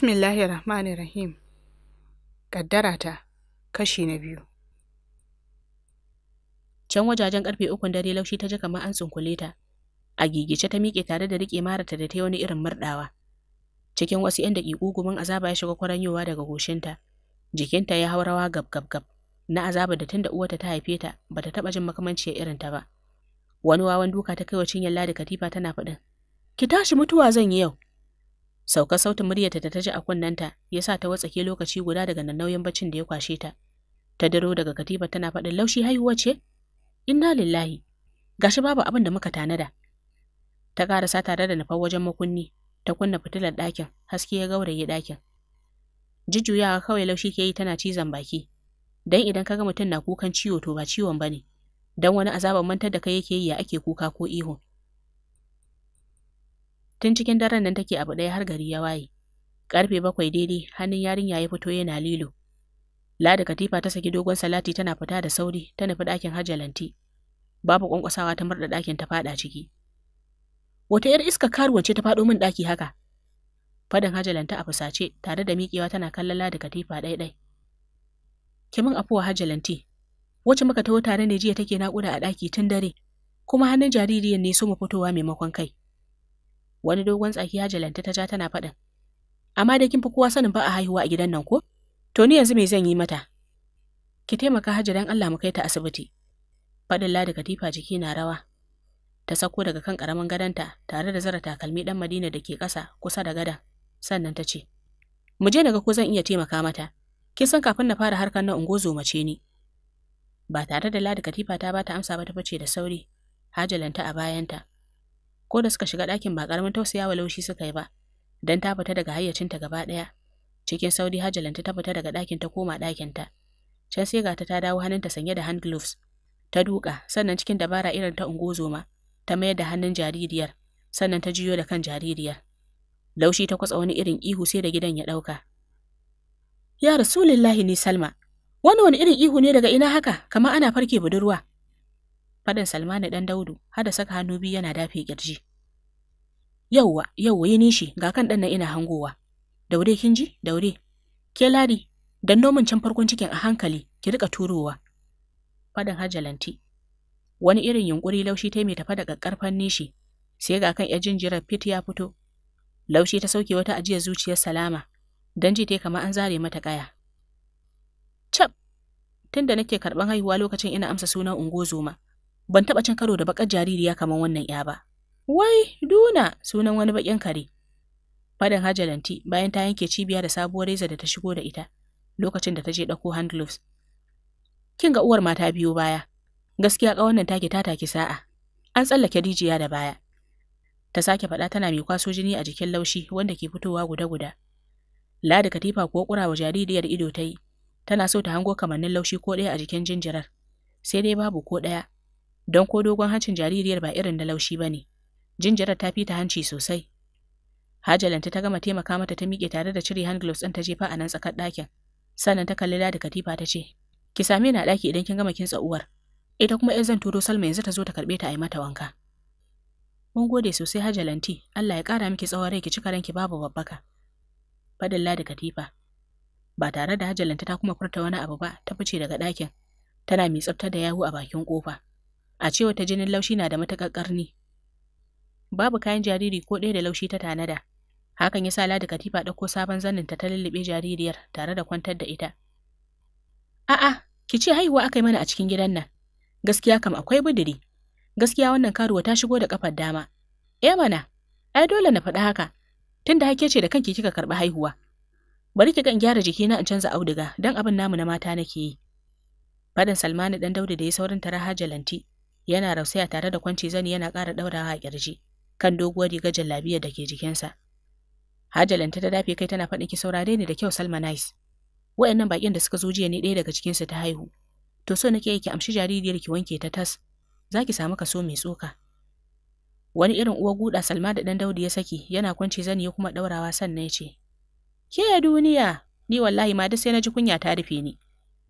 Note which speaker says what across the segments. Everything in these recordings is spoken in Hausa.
Speaker 1: Bismillahir Rahmanir Rahim. ta kashi na biyu. Can wajajen karfe ukun dare laushi ta ji kamar an tsunkule ta. A gigice ta miƙe tare da riƙe marata da ta yi wani irin murɗawa. Cikin wasu ‘yan daƙiƙu gumin azaba ya shiga kwaranyowa daga goshinta. Jikinta ya hau rawa gab gab gab. Na azaba da tunda uwata ta haife ta bata taɓa jin makamanciyar irin ta ba. Wani wawan duka ta kai wa cinyar ladi katifa tana faɗin. Ki tashi mutuwa zan yi yau. Sauka sautin muryarta da ta ji a ta, ya sa ta watsake lokaci guda daga nan nauyin baccin da ya kwashe ta. Ta daro daga katiba tana faɗin laushi haihuwa ce? Inna lillahi, gashi babu abin da muka tanada. Ta sa tare da nufar wajen makunni, ta kunna fitilar ɗakin, haske ya gauraye ɗakin. Jujuyawa kawai laushi ke yi tana cizon baki, dan idan ka ga mutum na kukan ciwo to ba ciwon ba ne? dan wani azabar mantar da kai yake yi ya ake kuka ko ihu. Tun cikin daren nan take abu ɗaya har gari ya waye. Karfe bakwai daidai hannun yarinya ya fito yana lilo. Lada katifa ta saki dogon salati tana fita da sauri ta nufi ɗakin hajjalanti. Babu ƙwanƙwasawa ta murda ɗakin ta faɗa ciki. Wata 'yar iska karuwance ta faɗo min ɗaki haka. Fadan hajjalanta a fusace tare da miƙewa tana kallon Lada katifa ɗaiɗai. Ki min afuwa hajjalanti. Wacce muka taho tare ne jiya take naƙuda a ɗaki tun dare. Kuma hannun jaririyan ne so mu fitowa maimakon kai. Wani dogon tsaki ya jalanta ta ja tana faɗin. Amma da kin fi kowa sanin ba a haihuwa a gidan nan ko? To ni yanzu me zan yi mata? Ki taimaka Hajji dan Allah mu kai ta asibiti. Faɗin Ladi katifa jiki na rawa. Ta sako daga kan ƙaramin gadonta tare da zara takalmi ɗan Madina da ke ƙasa kusa da gadon. Sannan ta ce, Mu je ga ko zan iya taimaka mata. Kin san kafin na fara harkar na ungozo mace ni. Ba tare da Ladi katifa ta ba ta amsa ba ta fice da sauri. Hajalanta a bayanta. ko da suka shiga ɗakin ba ƙaramin tausayawa laushi suka yi ba dan ta fita daga hayyacinta gaba ɗaya cikin saudi hajjalanta ta fita daga ɗakin ta koma ɗakinta can sai gata ta dawo hannunta sanye da hand gloves ta duka sannan cikin dabara irin ta ungozoma ta mayar da hannun jaririyar sannan ta jiyo da kan jaririyar laushi ta kwatsa wani irin ihu sai da gidan ya ɗauka ya rasulillahi ni salma wani wani irin ihu ne daga ina haka kamar ana farke budurwa Faɗin Salmanu dan Daudu har da saka hannu biyu yana dafe kirji Yauwa, yauwa yi nishi ga kan ɗan nan ina hangowa. Daure kin ji? Daure. Ke ladi, dan nomin can farkon cikin a hankali ki rika turowa. Faɗin Hajjalanti. Wani irin yunƙuri laushi ta mai tafa daga nishi sai ga kan 'yar jinjirar fit ya fito. Laushi ta sauke wata ajiyar zuciyar salama dan ji ta kama an zare mata kaya. Cap! Tun da nake karɓan haihuwa lokacin ina amsa sunan ungozoma, ban taɓa cin karo da bakar jaririya kamar wannan ya ba. Wai, Duna sunan wani bakin kare. Faɗin Hajalanti bayan ta yanke cibiya da sabuwar reza da ta shigo da ita lokacin da ta je ɗauko hand gloves. Kin ga uwar mata biyu baya. Gaskiya ƙawannan take ta take sa'a. An tsallake rijiya da baya. Ta sake faɗa tana mai kwaso jini a jikin laushi wanda ke fitowa guda-guda. Ladi katifa kuwa wa jaririyar ido ta yi. Tana so ta hango kamannin laushi ko ɗaya a jikin jinjirar. Sai dai babu ko ɗaya. don ko dogon hancin jaririyar ba irin da laushi ba ne. Jinjirar ta fita hanci sosai. Hajalanta ta gama taimaka mata ta miƙe tare da cire hand gloves ɗin ta jefa a nan tsakar ɗakin. Sannan ta kalli da katifa ta ce, Ki same ni a ɗaki idan kin gama kintsa uwar. Ita kuma ‘yan zan turo Salma yanzu ta zo ta karɓe ta a yi mata wanka. Mun gode sosai Hajalanti, Allah ya ƙara miki tsawon rai ki cika ranki babu babbaka. Fadin da katifa. Ba tare da Hajalanta ta kuma furta wani abu ba, ta fice daga ɗakin. Tana mai tsaftar da yahu a bakin ƙofa. A cewa ta jinin laushi na da matuƙar ƙarni. Babu kayan jariri ko ɗaya da laushi ta tanada. Hakan ya sa Ladi Katifa ɗauko sabon zanin ta ta lullube jaririyar tare da kwantar da ita. A'a, ki ce haihuwa aka yi mana a cikin gidan nan. Gaskiya kam akwai budiri. Gaskiya wannan karuwa ta shigo da kafar dama. Eh mana, ai dole na faɗi haka. Tunda hake ce da kanki kika karɓi haihuwa. Bari ki kan gyara jikina in canza auduga don abin namu na mata nake yi. Faɗin Salmanu ɗan Daudu da ya saurin tara hajalanti yana rausaya tare da kwanci zani yana ƙara ɗaurawa a ƙirji kan doguwar riga jallabiya da ke jikinsa. Hajalanta ta dafe kai tana faɗin ki saurare ni da kyau Salma Nice. Waɗannan baƙin da suka zo jiya ne ɗaya daga cikinsu ta haihu. To so nake ki amshi jaririyar ki wanke ta tas. Za ki samu kaso mai tsoka. Wani irin uwa guda Salma da ɗan Daudu ya saki yana kwanci zani ya kuma ɗaurawa sannan ya ce. Ke duniya ni wallahi ma duk sai na ji kunya ta rufe ni.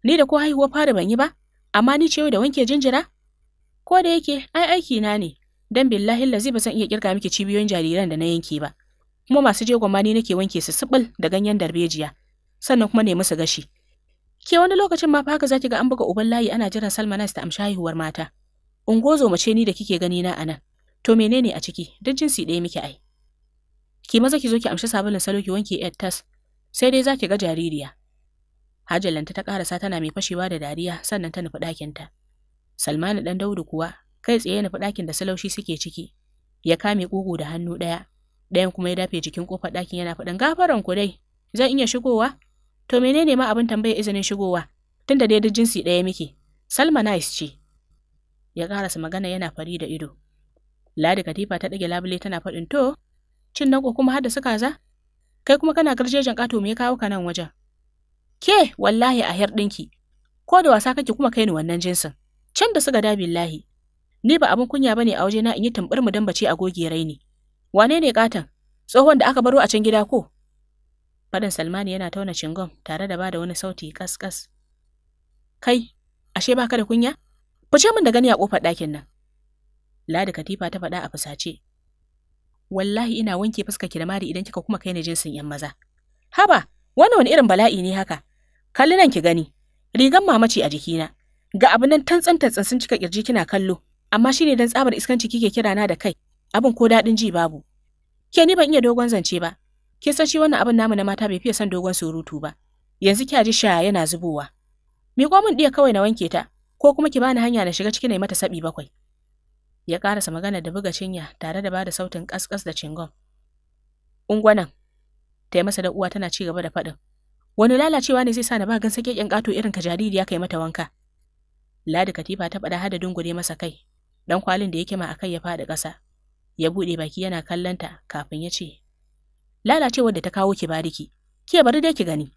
Speaker 1: Ni da ko haihuwa fara ban yi ba, amma ni ce da wanke jinjira? ko da yake ai aiki na ne dan billahi lazi ba san iya kirga miki cibiyoyin jariran da na yanke ba kuma masu jego ma nake wanke su sibil da ganyen darbejiya sannan kuma ne musu gashi ke wani lokacin ma fa haka zaki ga an buga uban layi ana jiran salmanas ta amshi haihuwar mata ungozo mace ni da kike gani na anan to menene a ciki duk jinsi ɗaya miki ai ki maza ki zo ki amshi sabulin salo ki wanke yar tas sai dai zaki ga jaririya hajalanta ta karasa tana mai fashewa da dariya sannan ta nufi ɗakinta. ta Salmanu ɗan Daudu kuwa kai tsaye na nufi ɗakin da salaushi suke ciki, ya kame ƙugu da hannu ɗaya, ɗayan kuma ya dafe jikin ƙofar ɗakin yana faɗin gafaran ku dai, zan iya shigowa? To menene ma abin tambayar izinin shigowa? Tunda dai duk jinsi ɗaya muke. Salma nice ce. Ya ƙarasa magana yana fari da ido. Ladi Katifa ta ɗage labule tana faɗin to, cin ko kuma har da su kaza? Kai kuma kana garjejen ƙato me ya kawo ka nan wajen? Ke wallahi a her ɗinki, ko da wasa kake kuma kai ni wannan jinsin. can da suka da billahi ni ba abin kunya bane a wajena in yi tambar mu dan bace a goge raini wane ne katan tsohon da aka baro a can gida ko faɗin salmani yana tauna shingon tare da bada wani sauti kaskas kai ashe baka da kunya fice min da gani a kofar ɗakin nan ladi katifa ta faɗa a fusace wallahi ina wanke fuska ki da idan kika kuma kai ni jinsin yan maza haba wannan wani irin bala'i ne haka kalli nan ki gani rigan mamaci a jikina Ga abin nan tantsan tantsan sun cika kirji kina kallo, amma shi ne dan tsabar iskanci kike kira na da kai, abin ko daɗin ji babu. Ke ni ban iya dogon zance ba, kin san shi wannan abin namu na mata bai fiye son dogon surutu ba. Yanzu kya ji shaya, yana zubowa. Mi mun ɗiya kawai na wanke ta, ko kuma ki bani hanya na shiga cikin na mata sabi bakwai. Ya ƙarasa magana da buga cinya tare da bada sautin kaskas da cingon. Ungwanan, ta yi masa da uwa tana ci gaba da faɗin. Wani lalacewa ne zai sa na ba gan sake ƙato irin ka jaririya kai mata wanka. Ladi katifa ta faɗa hada dungure masa kai, ɗan kwalin da yake ma a kai ya faɗi ƙasa. Ya buɗe baki yana kallonta kafin ya ce, Lalacewar da ta kawo ki bariki, ke bari dai ki gani.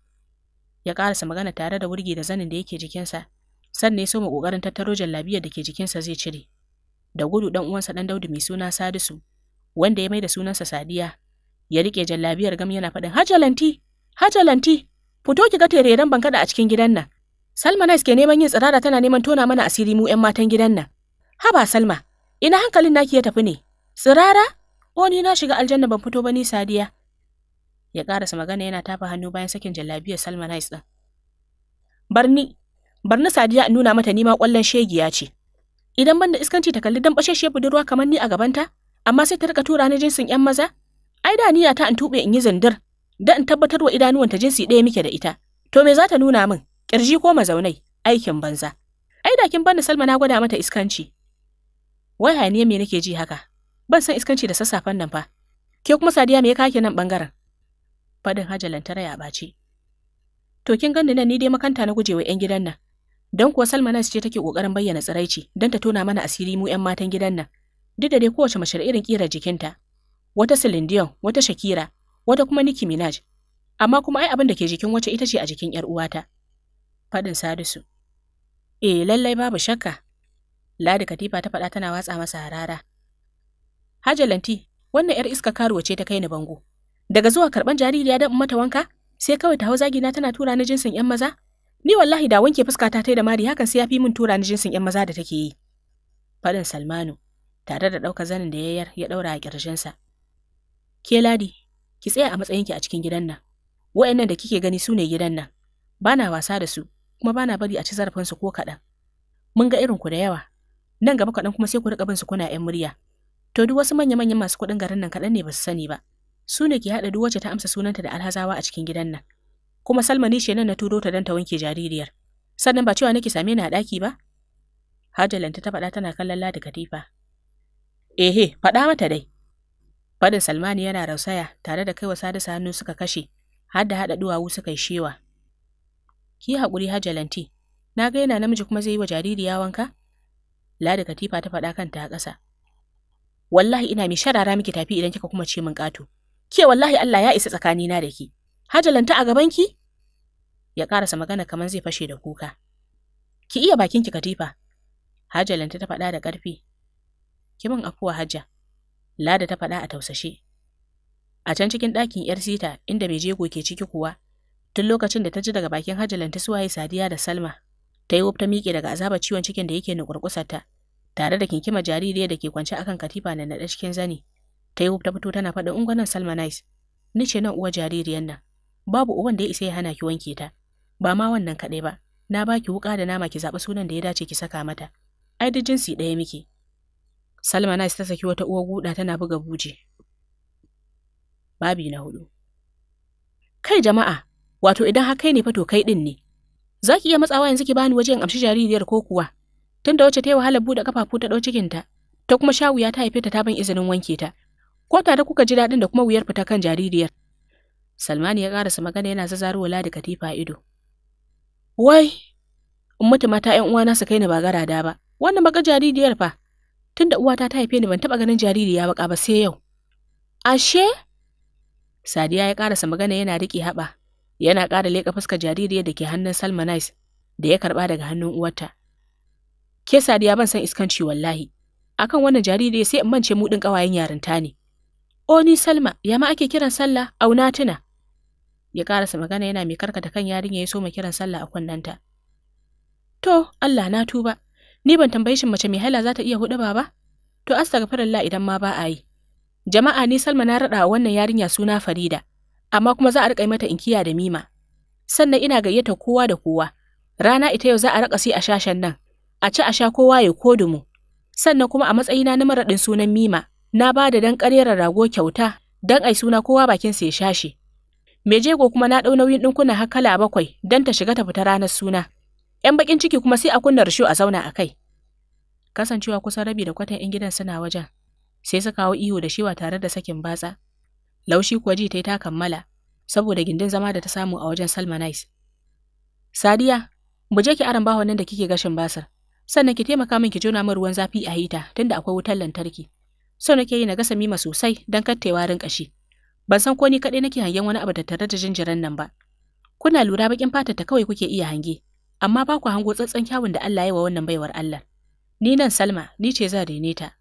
Speaker 1: Ya ƙarasa magana tare da wurgi da zanin da yake jikinsa, sannan ya soma ƙoƙarin tattaro jallabiyar da ke jikinsa zai cire. Da gudu ɗan uwansa dan Daudu mai suna Sadisu, wanda ya mai da sunansa Sadiya, ya rike jallabiyar gam yana faɗin hajalanti, hajalanti, fito ki ga tereren kaɗa a cikin gidan nan. Salma Nice ke neman yin tsirara tana neman tona mana asiri mu 'yan matan gidan nan. Haba Salma, ina hankalin naki ya tafi ne? Tsirara? O oh, ni na shiga aljanna ban fito ba ni Sadiya. Ya karasa magana yana tafa hannu bayan sakin jallabiyar Salma Nice din. Barni, barni Sadiya in nuna mata nima kwallon shegiya ce. Idan ban da iskanci ta kalli dan bashe budurwa kamar ni a gabanta, amma sai ta rika tura ni jinsin 'yan maza? Ai da niyya ta in tube in yi zandar da in tabbatar wa idanuwanta jinsi ɗaya muke da ita. To me za ta nuna min? Kirji ko mazaunai, aikin banza. Ai da kin bani Salma na gwada mata iskanci. Wai haniye me nake ji haka? Ban san iskanci da sassafen nan fa. Ke kuma Sadiya me ya kake nan bangaren? Fadin Hajalan tara ya bace. To kin gani nan ni dai makanta na gujewa 'yan gidan nan. dan kuwa Salma Nas ce take kokarin bayyana tsiraici don ta tona mana asiri mu 'yan matan gidan nan. Duk da dai kowace mace da irin kira jikinta. Wata Silindiyon, wata Shakira, wata kuma Nicki Minaj. Amma kuma ai abin da ke jikin wace ita ce a jikin 'yar uwata. Faɗin Sadisu. E, eh, lallai babu shakka. Ladi Katifa ta faɗa tana watsa masa harara. Hajalanti, wannan ‘yar iska karuwa ce ta kai ni bango. Daga zuwa karɓan jariri ya in mata wanka, sai kawai ta hau zagina tana tura ni jinsin ‘yan maza? Ni wallahi da wanke fuskata ta da mari hakan sai ya fi min tura ni jinsin ‘yan maza da take yi. Faɗin Salmanu, tare da ɗaukar zanin da yayar ya ɗaura a ƙirjinsa. Ke Ladi, ki tsaya a matsayinki a cikin gidan nan. Wa'annan da kike gani su ne gidan nan. Bana wasa da su, kuma bana bari a ci zarafinsu ko kaɗan. Mun ga irin ku da yawa. Nan gaba kaɗan kuma sai ku riƙa bin su kuna 'yan murya. To duk wasu manya-manyan masu kuɗin garin nan kaɗan ne ba su sani ba. Su ne ke haɗa duk wacce ta amsa sunanta da alhazawa a cikin gidan nan. Kuma Salma ni nan na turo ta don ta wanke jaririyar. Sannan ba cewa nake same ni a ɗaki ba? Hajalanta ta faɗa tana kallon Ladi Katifa. Ehe, faɗa mata dai. Fadin Salmani yana rausaya tare da kaiwa sadisa hannu suka kashe, har da haɗa duwawu suka yi shewa. Ki yi haƙuri jalanti. na ga yana namiji kuma zai yi wa jaririya wanka? Ladi Katifa ta faɗa kanta a ƙasa. Wallahi ina mi sharara miki tafi idan kika kuma ce min ƙato. Ke wallahi Allah ya isa tsakanina da ki. Hajalanta a gaban ki? Ya ƙarasa magana kamar zai fashe da kuka. Ki iya bakinki Katifa. hajalanta ta faɗa da ƙarfi. Ki min afuwa Hajja. Lada ta faɗa a tausashe. A can cikin ɗakin ‘yar sita inda mai jego ke ciki kuwa, Tun lokacin da ta ji daga bakin Hajilan suwaye Sadiya da Salma, ta yi ta miƙe daga azabar ciwon cikin da yake nukurkusarta, tare da kinkima jaririyar da ke kwance akan katifa na naɗa cikin zani. Ta yi ta fito tana faɗin ungwanan Salma Nice, ni ce nan uwa jaririyar nan, babu uwan da ya isa ya hana ki wanke ta, ba ma wannan kaɗai ba, na ba ki wuƙa da nama ki zaɓi sunan da ya dace ki saka mata, ai duk jinsi ɗaya miki. Salma Nice ta saki wata uwa guda tana buga buje. Babi na hudu. Kai jama'a, wato idan har kai ne fa to kai din ne za ki iya matsawa yanzu ki bani waje in amshi jaririyar ko kuwa tunda wacce ta yi wahala, buɗe kafafu ta ɗau cikinta ta kuma sha wuya ta haife ta ta ban izinin wanke ta ko tare kuka ji daɗin da kuma wuyar fita kan jaririyar Salmani ya ƙarasa magana yana zazzaro Ladi katifa ido. Wai, in mutu mata ‘yan uwana su kai ni ba garada ba, wannan baka jaririyar fa, tunda uwata ta haife ni ban taɓa ganin jaririya baka ba sai yau. Ashe? Sadiya ya ƙarasa magana yana riƙe haɓa, yana ƙara leƙa fuskar jaririyar da ke hannun Salma da ya karɓa daga hannun uwarta. Ke Sadiya ban san iskanci wallahi, akan wannan jaririyar sai in mance mu ɗin ƙawayen yarinta ne. O ni Salma, ya ma ake kiran sallah auna tuna. Ya ƙarasa magana yana mai karkata kan yarinya ya soma kiran sallah a kunnanta. To, Allah na tuba, ni ban tambayi shin mace mai haila za ta iya huɗu ba ba? To, astaghfirullah idan ma ba a yi. Jama'a ni Salma na raɗa wannan yarinya suna Farida. amma kuma za a riƙa mata inkiya da mima. Sannan ina gayyata kowa da kowa. Rana ita yau za a raƙa sai a shashen nan, a ci a sha kowa ya kodumu. Sannan kuma a matsayina na maraɗin sunan mima, na ba da dan ƙarera rago kyauta dan ai suna kowa bakin sai ya shashi. Mai jego kuma na ɗau nauyin ɗinkuna har bakwai dan ta shiga ta fita ranar suna. ‘Yan bakin ciki kuma sai a kunna risho a zauna a kai. Kasancewa kusan rabi da kwatan ‘yan gidan suna wajen, sai su kawo ihu da shiwa tare da sakin batsa. Laushi kuwa ji ta yi ta kammala, saboda gindin zama da ta samu a wajen Salma Sadiya, mu je ki aron bahon nan da kike gashin basar sannan ki taimaka min ki jona min ruwan zafi a hita tunda akwai wutar lantarki. Sau nake yi na gasa mima sosai don kattewa rin kashi. Ban san ko ni kaɗai nake hangen wani abu da tare da jinjiran nan ba. Kuna lura bakin fatar ta kawai kuke iya hange, amma ba ku hango tsantsan kyawun da Allah ya wa wannan baiwar Allah. Ni nan Salma, ni ce zan rene ta.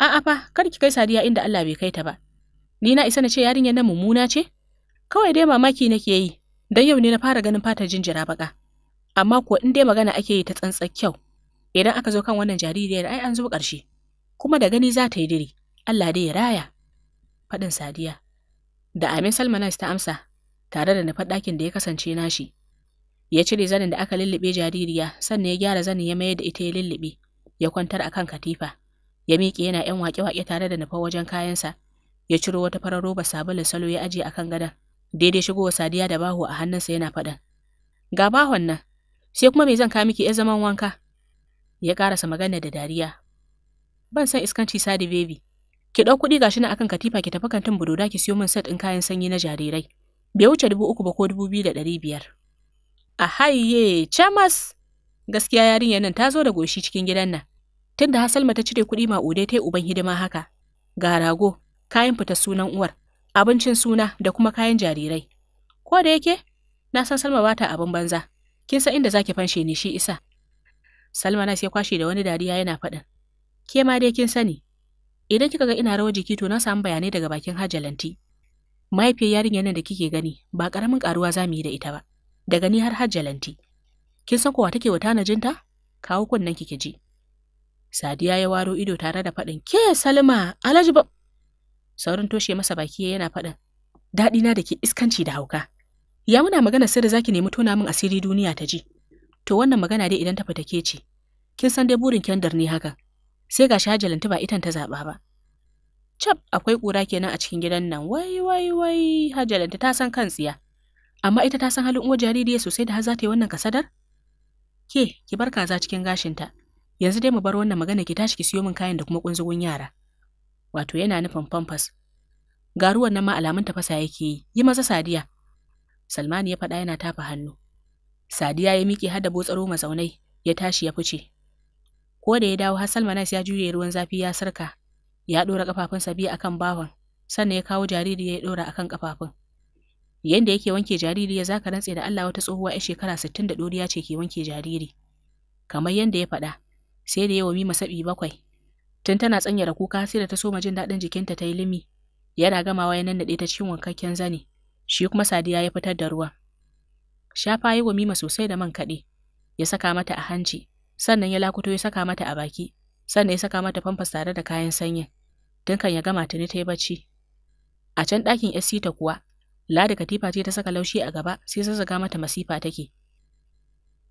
Speaker 1: A'a fa, kar ki kai Sadiya inda Allah bai kai ta ba. ni na isa na ce yarinyar nan mummuna ce? Kawai dai mamaki nake yi, don yau ne na fara ganin fatar jinjira baka. Amma ko in dai magana ake yi ta tsantsan kyau, idan aka zo kan wannan jaririyar ai an zo ƙarshe, kuma da gani za ta yi diri, Allah dai ya raya. Faɗin Sadiya. Da Amin Salmanais ta amsa, tare da nufar ɗakin da ya kasance nashi. Ya cire zanin da aka lulluɓe jaririya, sannan ya gyara zanin ya mayar da ita ya lullube, ya kwantar akan katifa. Ya miƙe yana ‘yan waƙe-waƙe tare da nufa wajen kayansa, ya ciro wata farar roba sabulun salo ya aje akan gadon daidai shigowa sadiya da baho a hannunsa yana faɗan ga bahon nan sai kuma me zan ka miki ya zaman wanka ya karasa magana da dariya ban san iskanci sadi baby ki ɗau kuɗi gashi na akan katifa ki tafi kantin budoda ki siyo min set ɗin kayan sanyi na jarirai bai wuce dubu uku ba ko dubu biyu da ɗari biyar a haye chamas gaskiya yarinyar nan ta zo da goshi cikin gidan nan tunda hasalma ta cire kuɗi maƙudai ta yi uban hidima haka ga rago kayan fita sunan uwar, abincin suna da kuma kayan jarirai. Ko da yake, na san Salma ba ta abin banza, kin san inda zaki fanshe ni shi isa. Salma na sai kwashe da wani dariya yana faɗin. Ke ma dai kin sani, idan kika ga ina rawar jiki to na samu bayanai daga bakin Hajjalanti. Mahaifiyar yarinyar nan da kike gani ba ƙaramin ƙaruwa za mu yi da ita ba, daga ni har Hajjalanti. Kin san kowa take wa tanajinta? Kawo kunnen kike ji. Sadiya ya waro ido tare da faɗin, "Ke Salma, Alhaji ba Saurin toshe masa baki yana faɗin. Daɗi na da ke iskanci da hauka. Ya muna magana sai da zaki nemi tona min asiri duniya ta ji. To wannan magana dai idan ta fita ke ce. Kin san dai burin kendar ne haka Sai ga lanta ba itan ta zaba ba. Cap akwai ƙura kenan a cikin gidan nan wai wai wai hajalanta ta san kan tsiya. Amma ita ta san halin uwar ya sosai da har za ta yi wannan kasadar? Ke, ki bar kaza cikin gashinta. Yanzu dai mu bar wannan magana ki tashi ki siyo min kayan da kuma kunzugun yara. wato yana nufin famfas. garuwan nan ma alamun tafasa yake yi, yi masa sadiya. Salmani ya faɗa yana tafa hannu. Sadiya ya miƙe har da botsaro mazaunai, ya tashi ya fice. Ko da ya dawo har Salmanas ya juye ruwan zafi ya sarka, ya ɗora ƙafafunsa biyu akan bawon sannan ya kawo jariri ya ɗora akan ƙafafun. yadda yake wanke jariri ya zaka rantse da Allah wata tsohuwa ya shekara sittin da ɗoriya ce ke wanke jariri. Kamar yadda ya faɗa, sai da yawa mima saɓi bakwai Tun tana da kuka sai da ta soma jin daɗin jikinta ta yi limi. Yana gamawa ya nannaɗe ta cikin wankakken zane. Shi kuma Sadiya ya fitar da ruwa Shafa yi gwamima sosai da man kaɗe. Ya saka mata a hanci. Sannan ya lakuto ya saka mata a baki. Sannan ya saka mata famfas tare da kayan sanyin. kan ya gama tuni ta yi bacci. A can ɗakin ta kuwa, Ladi katifa ce ta saka laushi a gaba sai zaga mata masifa take.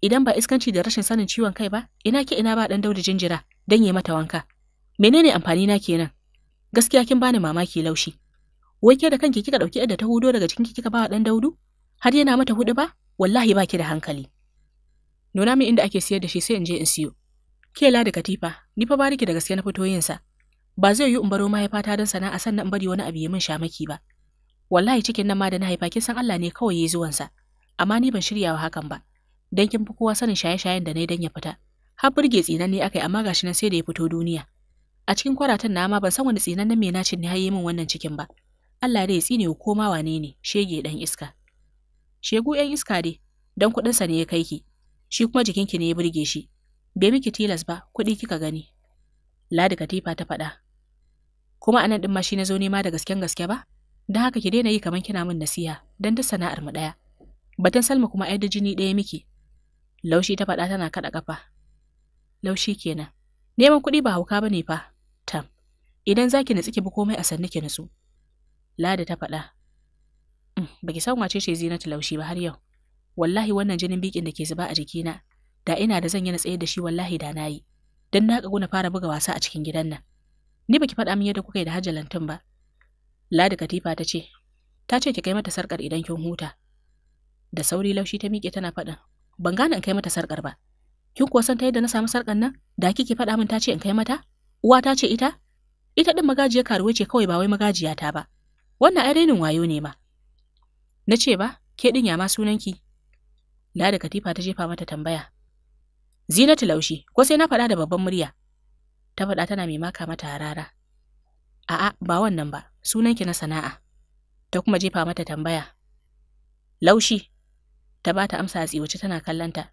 Speaker 1: Idan ba iskanci da rashin sanin ciwon kai ba, ina ke ina ba ɗan daudi jinjira don yi mata wanka. menene amfani na kenan gaskiya kin bani mamaki laushi wai ke da kanki kika dauki yadda ta hudo daga cikin kika ba dan Daudu har yana mata hudu ba wallahi ba ki da hankali nuna min inda ake siyar da shi sai in je in siyo ke da katifa ni fa bariki da gaske na fito yin sa ba zai yi in baro mahaifata don sana'a sannan in bari wani abu ya min shamaki ba wallahi cikin nan ma da na haifa kin san Allah ne kawai yayi zuwansa amma ni ban shirya wa hakan ba dan kin fi kowa sanin shaye-shayen da nayi dan ya fita har burge tsinan ne akai amma gashi nan sai da ya fito duniya a cikin kwaratan na ma ban san wani me na nacin ne haye min wannan cikin ba Allah dai ya tsine ko ma wane ne shege dan iska shegu yan iska dai dan kuɗin sa ne ya kai ki shi kuma jikinki ne ya burge shi bai miki tilas ba kuɗi kika gani Ladi Katifa ta faɗa kuma anan din ma shi na zo nema da gasken gaske ba dan haka ki daina yi kaman kina min nasiha dan duk sana'ar mu ɗaya. Batun Salma kuma ai da jini ɗaya miki. Laushi ta faɗa tana kaɗa ƙafa. Laushi kenan. Neman kuɗi ba hauka bane fa, Idan za ki natsu ki bi komai a sannu ki natsu. Ladi ta faɗa. Mm, ba san wace ce zina laushi ba har yau. Wallahi wannan jinin bikin da ke zuba a jikina, da ina da zan yi na tsaye da shi wallahi da na yi. Don na ƙagu na fara buga wasa a cikin gidan nan. Ni baki faɗa min yadda kuka yi da hajjalantun ba. Ladi Katifa ta ce, ta ce ki kai mata sarƙar idan kin huta. Da sauri laushi ta miƙe tana faɗin, ban gane in kai mata sarƙar ba. Kin kuwa san ta yadda na samu sarƙar nan? Da kike faɗa min ta ce in kai mata? Uwa ta ce ita? ita din magajiya karuwa ce kawai ba wai magajiya ta ba wannan ai rainin wayo ne ma na ce ba ke din ya ma sunanki la da katifa ta jefa mata tambaya zinatu laushi ko sai na faɗa da babban murya ta faɗa tana mai maka mata harara a'a ba wannan ba sunanki na sana'a ta kuma jefa mata tambaya laushi ta ba ta amsa a tsiwace tana kallanta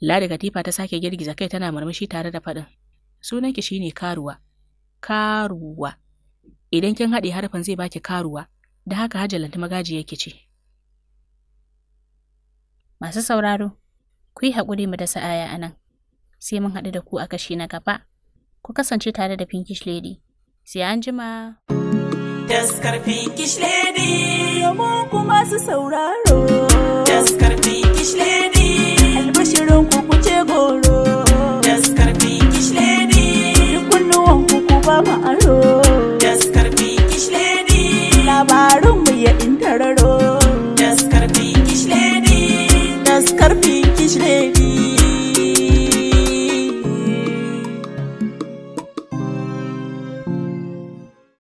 Speaker 1: la da katifa ta sake girgiza kai tana murmushi tare da faɗin sunanki shine karuwa karuwa idan kin haɗe harafin zai baki karuwa da haka hajjalanta magaji yake ce masu sauraro ku yi haƙuri mu da sa'aya a nan sai mun haɗu da ku a kashi na gaba ku kasance tare da pinkish lady sai an jima taskar pinkish lady mu kuma su sauraro taskar pinkish lady albashirin ku ce goro taskar pinkish lady ba mu aro. Daskarfi Kish Labarinmu ya intararo.